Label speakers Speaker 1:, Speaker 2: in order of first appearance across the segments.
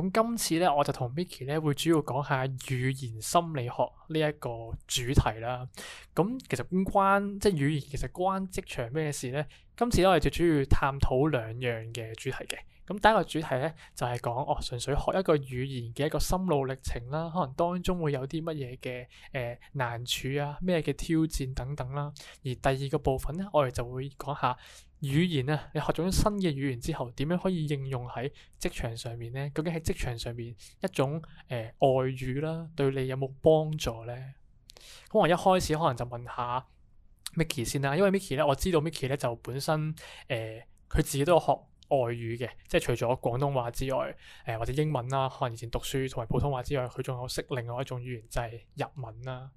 Speaker 1: 咁今次咧，我就同 Miki 咧會主要講下語言心理學呢一個主題啦。咁、嗯、其實關即係語言其實關職場咩事咧？今次咧我哋最主要探討兩樣嘅主題嘅。咁、嗯、第一個主題咧就係、是、講哦，純粹學一個語言嘅一個心路歷程啦，可能當中會有啲乜嘢嘅誒難處啊、咩嘅挑戰等等啦。而第二個部分咧，我哋就會講下。語言啊，你學咗新嘅語言之後，點樣可以應用喺職場上面呢？究竟喺職場上面一種誒、呃、外語啦，對你有冇幫助呢？咁我一開始可能就問下 Micky 先啦，因為 Micky 呢，我知道 Micky 呢，就本身誒佢、呃、自己都有學外語嘅，即係除咗廣東話之外，誒、呃、或者英文啦，可能以前讀書同埋普通話之外，佢仲有識另外一種語言就係、係、日文啦。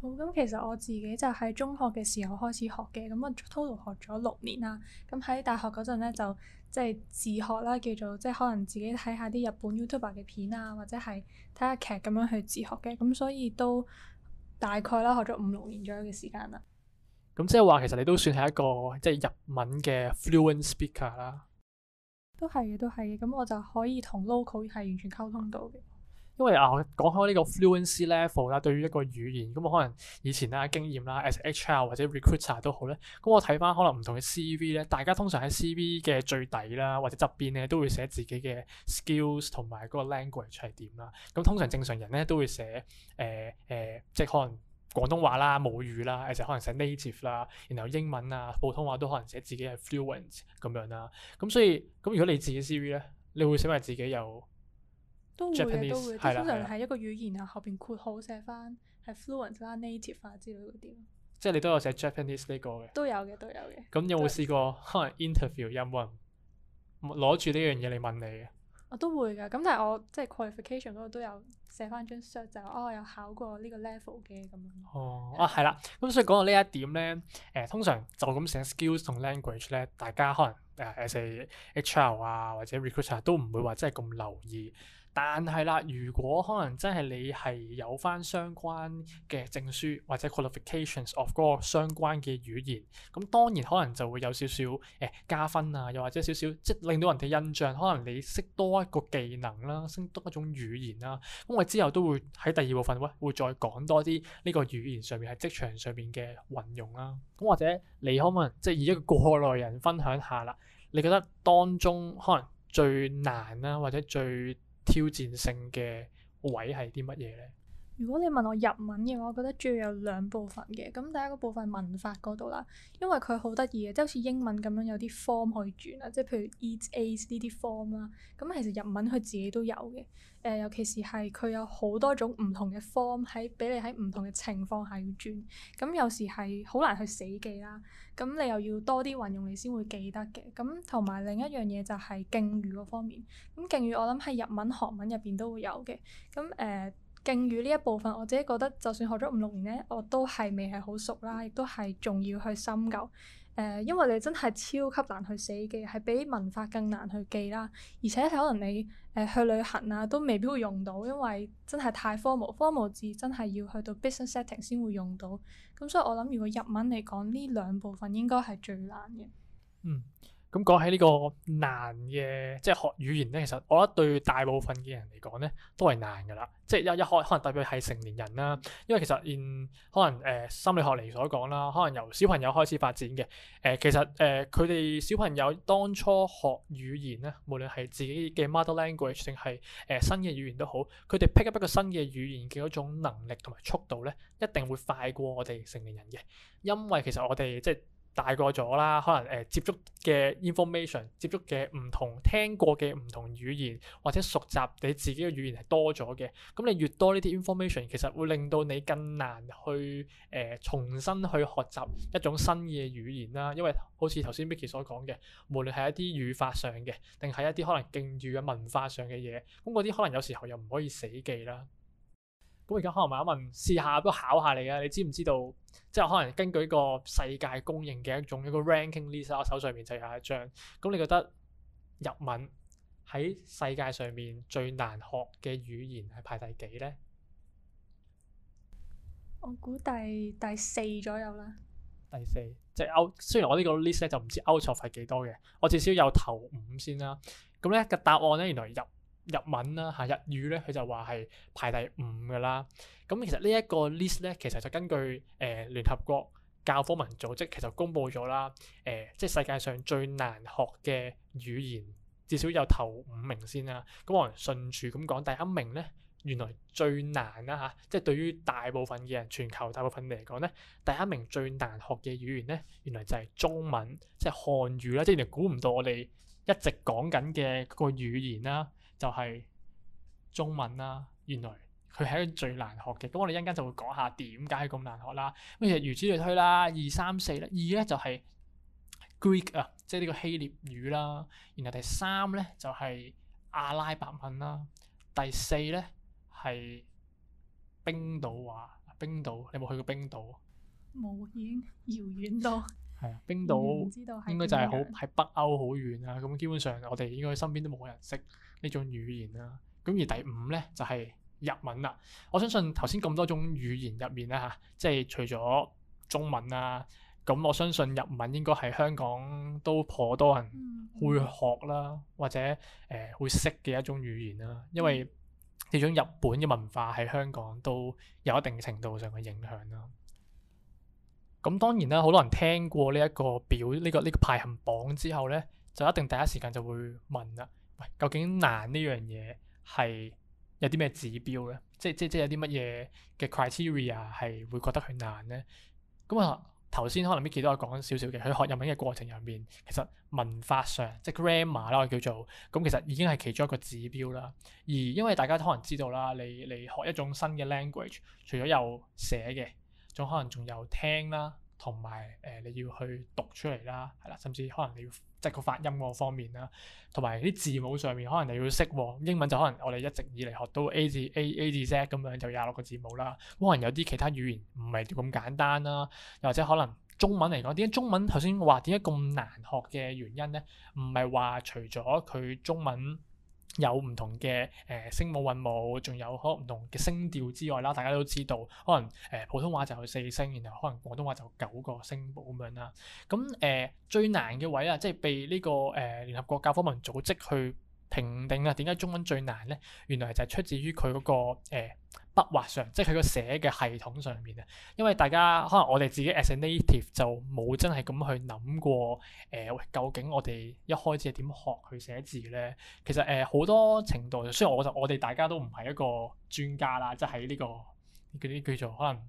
Speaker 2: 好，咁、嗯、其實我自己就喺中學嘅時候開始學嘅，咁啊 total 學咗六年啦。咁、嗯、喺大學嗰陣咧就即係自學啦，叫做即係可能自己睇下啲日本 YouTuber 嘅片啊，或者係睇下劇咁樣去自學嘅。咁、嗯、所以都大概啦，學咗五六年左右嘅時間啦。
Speaker 1: 咁、嗯、即係話，其實你都算係一個即係日文嘅 fluent speaker 啦。
Speaker 2: 都係嘅，都係嘅。咁我就可以同 local 係完全溝通到嘅。
Speaker 1: 因為啊，講開呢個 fluency level 啦、啊，對於一個語言咁、嗯，可能以前啦經驗啦 as HR 或者 recruiter 都好咧，咁、嗯、我睇翻可能唔同嘅 CV 咧，大家通常喺 CV 嘅最底啦，或者側邊咧，都會寫自己嘅 skills 同埋嗰個 language 係點啦。咁、嗯、通常正常人咧都會寫誒誒、呃呃，即係可能廣東話啦、母語啦，或者可能寫 native 啦，然後英文啊、普通話都可能寫自己嘅 fluency 咁樣啦、啊。咁、嗯、所以咁、嗯、如果你自己 CV 咧，你會寫埋自己有？都會嘅，都會，即係通常
Speaker 2: 係一個語言，然後邊括號寫翻係 fluent 啦、native 啊之類嗰啲。即
Speaker 1: 係你都有寫 Japanese 呢個嘅。都有嘅，都有嘅。咁有冇試過可能 interview 有冇人攞住呢樣嘢嚟問你
Speaker 2: 啊？我都會噶，咁但係我即係 qualification 嗰度都有寫翻張 cert 就，哦，有考過呢個 level 嘅咁樣。
Speaker 1: 哦，啊係啦，咁所以講到呢一點咧，誒通常就咁寫 skills 同 language 咧，大家可能誒 as HR 啊或者 recruiter 都唔會話真係咁留意。但係啦，如果可能真係你係有翻相關嘅證書或者 qualifications of 嗰個相關嘅語言，咁當然可能就會有少少誒、欸、加分啊，又或者少少即令到人哋印象，可能你識多一個技能啦，識多一種語言啦。咁我之後都會喺第二部分，喂，會再講多啲呢個語言上面喺職場上面嘅運用啦。咁或者你可唔可以即係以一個過來人分享下啦？你覺得當中可能最難啦、啊，或者最挑戰性嘅位係啲乜嘢咧？
Speaker 2: 如果你問我日文嘅話，我覺得主要有兩部分嘅。咁第一個部分文法嗰度啦，因為佢好得意嘅，即係好似英文咁樣有啲 form 可以轉啦，即係譬如 eat, ate 呢啲 form 啦。咁其實日文佢自己都有嘅。誒、呃，尤其是係佢有好多種唔同嘅 form 喺俾你喺唔同嘅情況下要轉。咁有時係好難去死記啦。咁你又要多啲運用，你先會記得嘅。咁同埋另一樣嘢就係敬語嗰方面。咁敬語我諗喺日文、韓文入邊都會有嘅。咁誒。呃敬語呢一部分，我自己覺得就算學咗五六年咧，我都係未係好熟啦，亦都係仲要去深究誒、呃，因為你真係超級難去死記，係比文化更難去記啦。而且可能你誒去旅行啊，都未必會用到，因為真係太 formal，formal 至真係要去到 business setting 先會用到。咁所以我諗，如果日文嚟講呢兩部分應該係最難嘅。嗯。
Speaker 1: 咁講起呢個難嘅，即係學語言咧，其實我覺得對大部分嘅人嚟講咧，都係難㗎啦。即係一一學，可能特別係成年人啦。因為其實，連可能誒、呃、心理學嚟所講啦，可能由小朋友開始發展嘅誒、呃，其實誒佢哋小朋友當初學語言咧，無論係自己嘅 mother language 定係誒新嘅語言都好，佢哋 pick up 一個新嘅語言嘅一種能力同埋速度咧，一定會快過我哋成年人嘅，因為其實我哋即係。大個咗啦，可能誒接觸嘅 information，接觸嘅唔同聽過嘅唔同語言，或者熟習你自己嘅語言係多咗嘅。咁你越多呢啲 information，其實會令到你更難去誒、呃、重新去學習一種新嘅語言啦。因為好似頭先 Micky 所講嘅，無論係一啲語法上嘅，定係一啲可能敬語嘅文化上嘅嘢，咁嗰啲可能有時候又唔可以死記啦。咁而家可能問一問，試下都考下你啊！你知唔知道？即係可能根據呢個世界公認嘅一種一個 ranking list，我手上面就有一張。咁你覺得日文喺世界上面最難學嘅語言係排第幾呢？
Speaker 2: 我估第第四左右啦。
Speaker 1: 第四，即係 out。雖然我呢個 list 呢就唔知 out of 係幾多嘅，我至少有頭五先啦。咁呢個答案呢，原來入。日文啦、啊、嚇，日語咧佢就話係排第五㗎啦。咁、嗯、其實呢一個 list 咧，其實就根據誒、呃、聯合國教科文組織其實公布咗啦，誒、呃、即係世界上最難學嘅語言，至少有頭五名先啦。咁我哋順住咁講，第一名咧，原來最難啦、啊、嚇，即係對於大部分嘅人，全球大部分嚟講咧，第一名最難學嘅語言咧，原來就係中文，即係漢語啦。即係原來估唔到我哋一直講緊嘅個語言啦、啊。就係中文啦，原來佢係一個最難學嘅，咁我哋一陣間就會講下點解咁難學啦。咁其實如此類推啦，二三四咧，二咧就係 Greek 啊，即係呢個希臘語啦。然後第三咧就係阿拉伯文啦，第四咧係冰島啊。冰島你有冇去過冰島？
Speaker 2: 冇，遠遙遠到。
Speaker 1: 係啊， 冰島應該就係好喺北歐好遠啊。咁基本上我哋應該身邊都冇人識。呢種語言啦，咁而第五呢，就係日文啦。我相信頭先咁多種語言入面咧嚇，即係除咗中文啊，咁我相信日文應該係香港都頗多人會學啦，或者誒會識嘅一種語言啦。因為呢種日本嘅文化喺香港都有一定程度上嘅影響啦。咁當然啦，好多人聽過呢一個表，呢個呢個排行榜之後呢，就一定第一時間就會問啦。究竟難呢樣嘢係有啲咩指標呢？即即即有啲乜嘢嘅 criteria 係會覺得佢難呢？咁啊，頭先可能啲其他講少少嘅，佢學日文嘅過程入面，其實文法上即 grammar 啦，我叫做咁，其實已經係其中一個指標啦。而因為大家都可能知道啦，你你學一種新嘅 language，除咗有寫嘅，仲可能仲有聽啦。同埋誒你要去讀出嚟啦，係啦，甚至可能你要即係個發音嗰方面啦，同埋啲字母上面可能你要識喎。英文就可能我哋一直以嚟學到 A 字 A A 字 Z 咁樣就廿六個字母啦。可能有啲其他語言唔係咁簡單啦，又或者可能中文嚟講，點解中文頭先話點解咁難學嘅原因咧？唔係話除咗佢中文。有唔同嘅誒聲母韻母，仲有可能唔同嘅聲調之外啦。大家都知道，可能誒普通話就有四聲，然後可能廣東話就有九個聲母咁樣啦。咁誒、呃、最難嘅位啦，即係被呢個誒呃、聯合國教科文組織去評定啊，點解中文最難咧？原來就係出自於佢嗰、那個誒、呃、筆畫上，即係佢個寫嘅系統上面啊。因為大家可能我哋自己 as a native 就冇真係咁去諗過誒、呃，究竟我哋一開始係點學去寫字咧？其實誒好、呃、多程度，雖然我就我哋大家都唔係一個專家啦，即係喺呢個啲叫做可能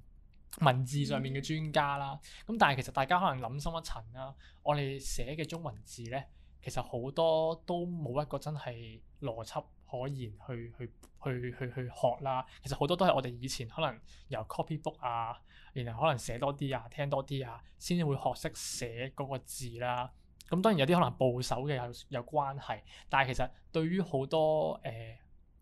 Speaker 1: 文字上面嘅專家啦。咁、嗯、但係其實大家可能諗深一層啦，我哋寫嘅中文字咧。其實好多都冇一個真係邏輯可言去去去去去學啦。其實好多都係我哋以前可能由 copy book 啊，然後可能寫多啲啊，聽多啲啊，先至會學識寫嗰個字啦。咁當然有啲可能部首嘅有有關係，但係其實對於好多誒、呃、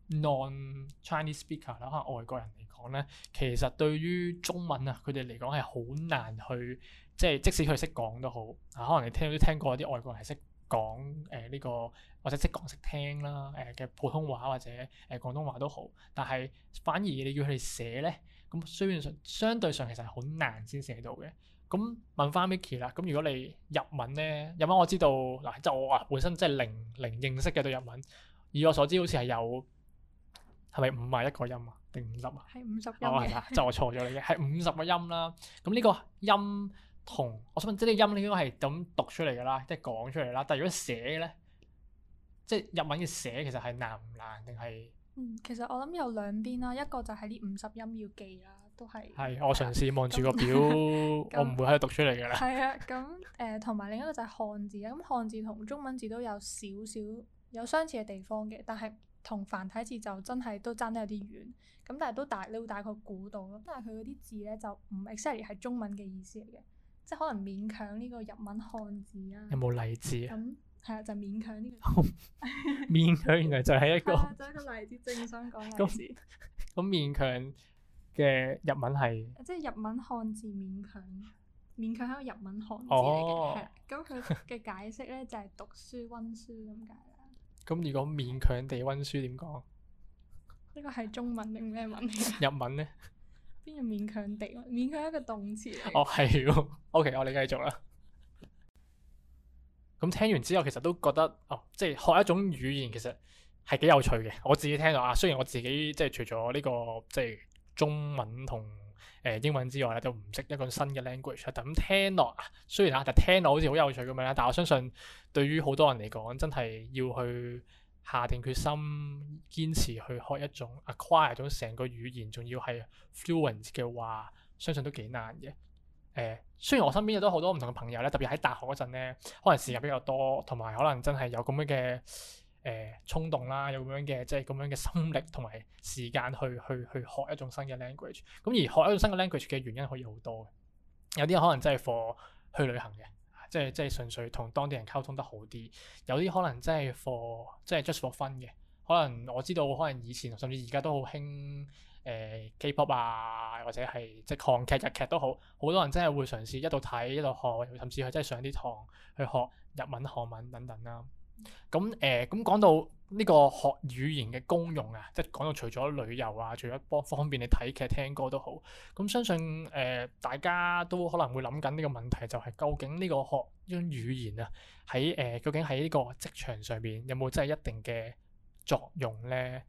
Speaker 1: non-Chinese speaker 啦，可能外國人嚟講咧，其實對於中文啊，佢哋嚟講係好難去，即、就、係、是、即使佢識講都好啊。可能你聽都聽過啲外國人係識。講誒呢個或者識講識聽啦，誒嘅普通話或者誒廣東話都好，但係反而你要佢哋寫咧，咁雖然上相對上其實係好難先寫到嘅。咁問翻 Micky 啦，咁如果你日文咧，日文我知道嗱，即我啊本身即零零認識嘅對日文，以我所知好似係有係咪五啊一個音啊定五十啊？
Speaker 2: 係五十音。
Speaker 1: 就我錯咗你嘅，係五十個音啦。咁呢個音。同我想問，即係音應該係噉讀出嚟㗎啦，即係講出嚟啦。但係如果寫咧，即係日文嘅寫其實係難唔難定係？嗯，
Speaker 2: 其實我諗有兩邊啦，一個就係呢五十音要記啦，都係。
Speaker 1: 係，我嘗試望住個表， 嗯嗯、我唔會喺度讀出嚟㗎啦。
Speaker 2: 係、嗯、啊，咁誒同埋另一個就係漢字啊。咁漢字同中文字都有少少有相似嘅地方嘅，但係同繁體字就真係都爭得有啲遠。咁但係都大，你會大概估到咯。但係佢嗰啲字咧就唔 exactly 係中文嘅意思嚟嘅。即係可能勉強呢個日文漢字啊？有冇例子啊？咁係、嗯、啊，就是、勉強呢個字。
Speaker 1: 勉 強原來就係、是、一個。係啊，就
Speaker 2: 一個例子。正想講例子。
Speaker 1: 咁勉強嘅日文係？
Speaker 2: 即係日文漢字勉強，勉強係一個日文漢字嚟嘅。咁佢嘅解釋咧就係讀書温書咁解啦。
Speaker 1: 咁 如果勉強地温書點講？
Speaker 2: 呢個係中文定咩文？ 日文咧？邊個勉強地？勉強一個動詞哦，係喎。 o、
Speaker 1: okay, K，我哋繼續啦。咁聽完之後，其實都覺得，哦，即、就、係、是、學一種語言，其實係幾有趣嘅。我自己聽到啊，雖然我自己即係除咗呢、這個即係中文同誒、呃、英文之外咧，就唔識一個新嘅 language 啦。但咁聽落，雖然啊，但聽落好似好有趣咁樣啦。但我相信，對於好多人嚟講，真係要去。下定決心堅持去學一種 acquire 一種成個語言，仲要係 fluence 嘅話，相信都幾難嘅。誒、呃，雖然我身邊亦都好多唔同嘅朋友咧，特別喺大學嗰陣咧，可能時間比較多，同埋可能真係有咁樣嘅誒、呃、衝動啦，有咁樣嘅即係咁樣嘅心力同埋時間去去去學一種新嘅 language。咁而學一種新嘅 language 嘅原因可以好多，有啲可能真係 for 去旅行嘅。即係即係純粹同當地人溝通得好啲，有啲可能真係 for 即係 just for fun 嘅。可能我知道，可能以前甚至而家都好興誒、呃、K-pop 啊，或者係即係韓劇、日劇都好，好多人真係會嘗試一路睇一路學，甚至係真係上啲堂去學日文、韓文等等啦、啊。咁誒、嗯，咁、呃、講到，呢個學語言嘅功用啊，即係講到除咗旅遊啊，除咗幫方便你睇劇聽歌都好。咁相信誒、呃，大家都可能會諗緊呢個問題，就係究竟呢個學呢種、這個、語言啊，喺誒、呃、究竟喺呢個職場上面有冇真係一定嘅作用咧？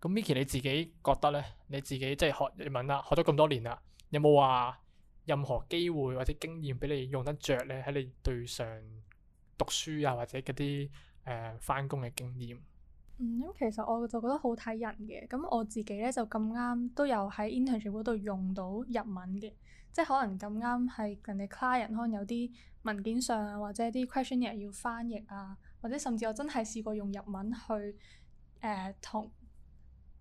Speaker 1: 咁 Mikey 你自己覺得咧？你自己即係學日文啦，學咗咁多年啦，有冇話任何機會或者經驗俾你用得着咧？喺你對上讀書啊，或者嗰啲誒翻工嘅經驗？
Speaker 2: 嗯，咁其實我就覺得好睇人嘅。咁我自己咧就咁啱都有喺 Internship 嗰度用到日文嘅，即係可能咁啱係人哋 client 可能有啲文件上啊，或者啲 questionnaire 要翻譯啊，或者甚至我真係試過用日文去誒同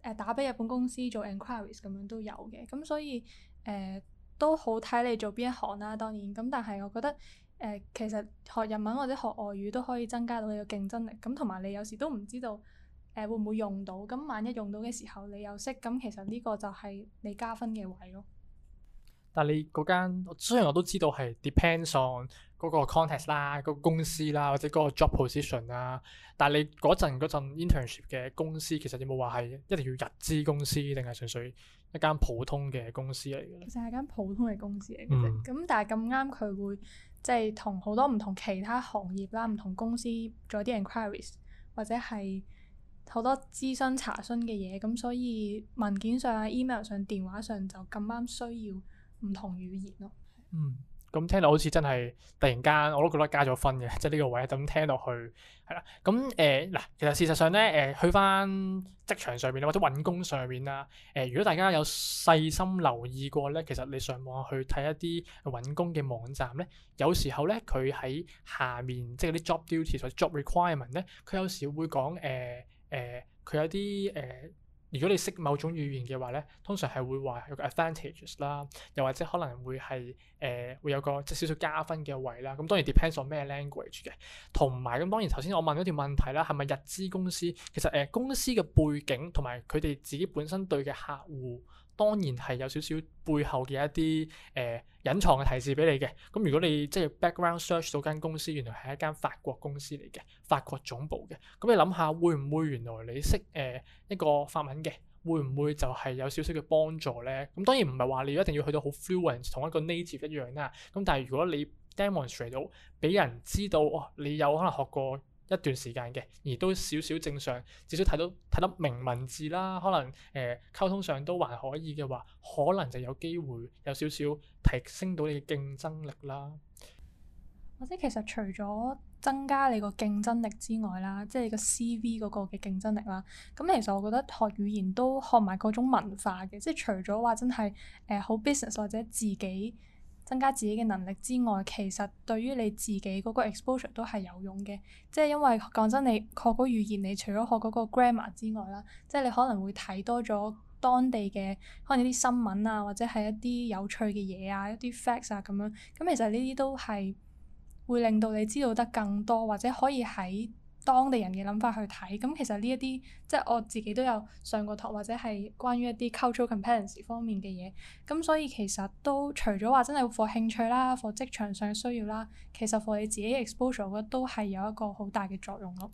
Speaker 2: 誒打俾日本公司做 enquiries 咁樣都有嘅。咁所以誒、呃、都好睇你做邊一行啦、啊。當然咁，但係我覺得誒、呃、其實學日文或者學外語都可以增加到你嘅競爭力。咁同埋你有時都唔知道。誒會唔會用到？咁萬一用到嘅時候，你又識咁，其實呢個就係你加分嘅位咯。
Speaker 1: 但係你嗰間，雖然我都知道係 depends on 嗰個 context 啦、嗰、嗰個公司啦，或者嗰個 job position 啦。但係你嗰陣 internship 嘅公司，其實有冇話係一定要日資公司，定係純粹一間普通嘅公司嚟嘅？
Speaker 2: 其實係間普通嘅公司嚟嘅啫。咁、嗯、但係咁啱，佢會即係同好多唔同其他行業啦、唔同公司做啲 inquiries，或者係。好多諮詢查詢嘅嘢，咁所以文件上啊、email 上、電話上就咁啱需要唔同語言咯。嗯，
Speaker 1: 咁聽到好似真係突然間，我都覺得加咗分嘅，即係呢個位咁聽落去係啦。咁誒嗱，其實事實上咧，誒、呃、去返職場上面或者揾工上面啊，誒、呃、如果大家有細心留意過咧，其實你上網去睇一啲揾工嘅網站咧，有時候咧佢喺下面即係啲 job duties 或者 job requirement 咧，佢有時會講誒、呃誒佢、呃、有啲誒、呃，如果你識某種語言嘅話咧，通常係會話有個 advantages 啦，又或者可能會係誒、呃、會有個即係少少加分嘅位啦。咁當然 depends on 咩 language 嘅。同埋咁當然頭先我問咗條問題啦，係咪日資公司？其實誒、呃、公司嘅背景同埋佢哋自己本身對嘅客戶。當然係有少少背後嘅一啲誒隱藏嘅提示俾你嘅。咁如果你即係 background search 到間公司原來係一間法國公司嚟嘅，法國總部嘅。咁你諗下會唔會原來你識誒、呃、一個法文嘅，會唔會就係有少少嘅幫助呢？咁當然唔係話你一定要去到好 fluent，同一個 native 一樣啦。咁但係如果你 demonstrate 到俾人知道、哦、你有可能學過。一段時間嘅，而都少少正常，至少睇到睇得明文字啦，可能誒、呃、溝通上都還可以嘅話，可能就有機會有少少提升到你嘅競爭力啦。
Speaker 2: 或者其實除咗增加你個競爭力之外啦，即係個 CV 嗰個嘅競爭力啦，咁其實我覺得學語言都學埋嗰種文化嘅，即係除咗話真係誒好 business 或者自己。增加自己嘅能力之外，其實對於你自己嗰個 exposure 都係有用嘅，即係因為講真，你學嗰語言，你除咗學嗰個 grammar 之外啦，即係你可能會睇多咗當地嘅可能啲新聞啊，或者係一啲有趣嘅嘢啊，一啲 facts 啊咁樣，咁其實呢啲都係會令到你知道得更多，或者可以喺。當地人嘅諗法去睇，咁其實呢一啲即係我自己都有上過堂，或者係關於一啲 cultural competence 方面嘅嘢，咁所以其實都除咗話真係課興趣啦，課職場上需要啦，其實課你自己嘅 exposure，我覺得都係有一個好大嘅作用咯。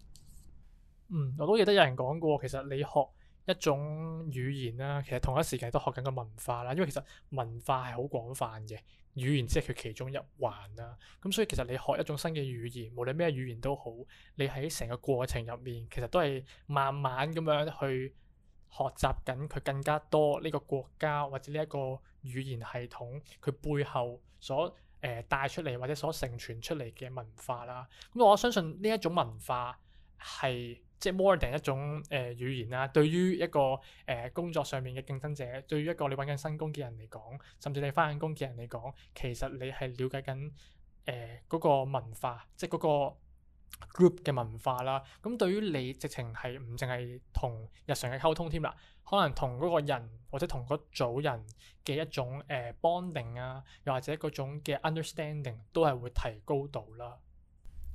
Speaker 1: 嗯，我都記得有人講過，其實你學。一種語言啦，其實同一時間都學緊個文化啦，因為其實文化係好廣泛嘅，語言只係佢其中一環啦。咁所以其實你學一種新嘅語言，無論咩語言都好，你喺成個過程入面，其實都係慢慢咁樣去學習緊佢更加多呢個國家或者呢一個語言系統佢背後所誒帶出嚟或者所承傳出嚟嘅文化啦。咁我相信呢一種文化係。即係 more than 一種誒、呃、語言啦、啊，對於一個誒、呃、工作上面嘅競爭者，對於一個你揾緊新工嘅人嚟講，甚至你翻緊工嘅人嚟講，其實你係了解緊誒嗰個文化，即係嗰個 group 嘅文化啦。咁對於你直情係唔淨係同日常嘅溝通添啦，可能同嗰個人或者同個組人嘅一種誒、呃、bonding 啊，又或者嗰種嘅 understanding 都係會提高到啦。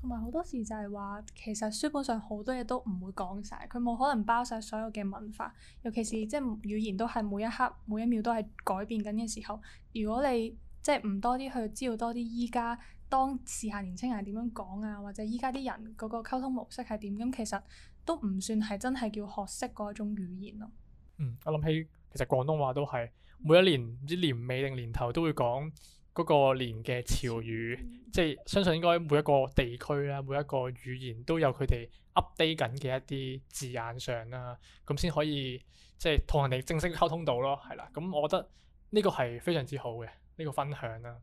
Speaker 2: 同埋好多時就係話，其實書本上好多嘢都唔會講晒，佢冇可能包晒所有嘅文化，尤其是即係語言都係每一刻每一秒都係改變緊嘅時候。如果你即係唔多啲去知道多啲，依家當時下年青人點樣講啊，或者依家啲人嗰個溝通模式係點，咁其實都唔算係真係叫學識嗰一種語言咯。嗯，
Speaker 1: 我諗起其實廣東話都係每一年唔知年尾定年頭都會講。嗰個年嘅潮語，即係相信應該每一個地區啦，每一個語言都有佢哋 update 緊嘅一啲字眼上啦，咁先可以即係同人哋正式溝通到咯，係啦。咁我覺得呢個係非常之好嘅呢個分享啦。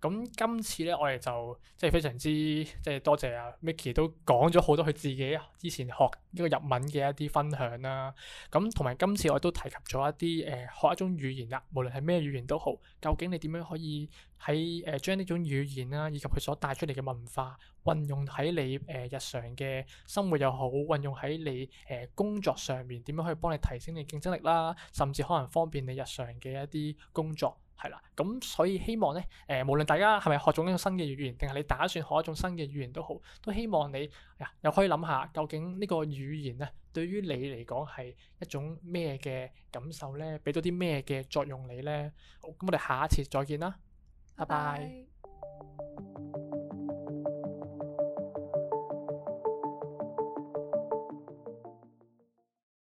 Speaker 1: 咁今次咧，我哋就即係非常之即係多謝啊 Micky 都講咗好多佢自己之前學呢個日文嘅一啲分享啦。咁同埋今次我都提及咗一啲誒、呃、學一種語言啦，無論係咩語言都好，究竟你點樣可以喺誒、呃、將呢種語言啦，以及佢所帶出嚟嘅文化，運用喺你誒、呃、日常嘅生活又好，運用喺你誒、呃、工作上面，點樣可以幫你提升你競爭力啦，甚至可能方便你日常嘅一啲工作。係啦，咁所以希望咧，誒、呃，無論大家係咪學咗呢種新嘅語言，定係你打算學一種新嘅語言都好，都希望你、哎、又可以諗下究竟呢個語言咧，對於你嚟講係一種咩嘅感受咧，俾到啲咩嘅作用你咧，好，咁我哋下一次再見啦，拜拜。拜拜。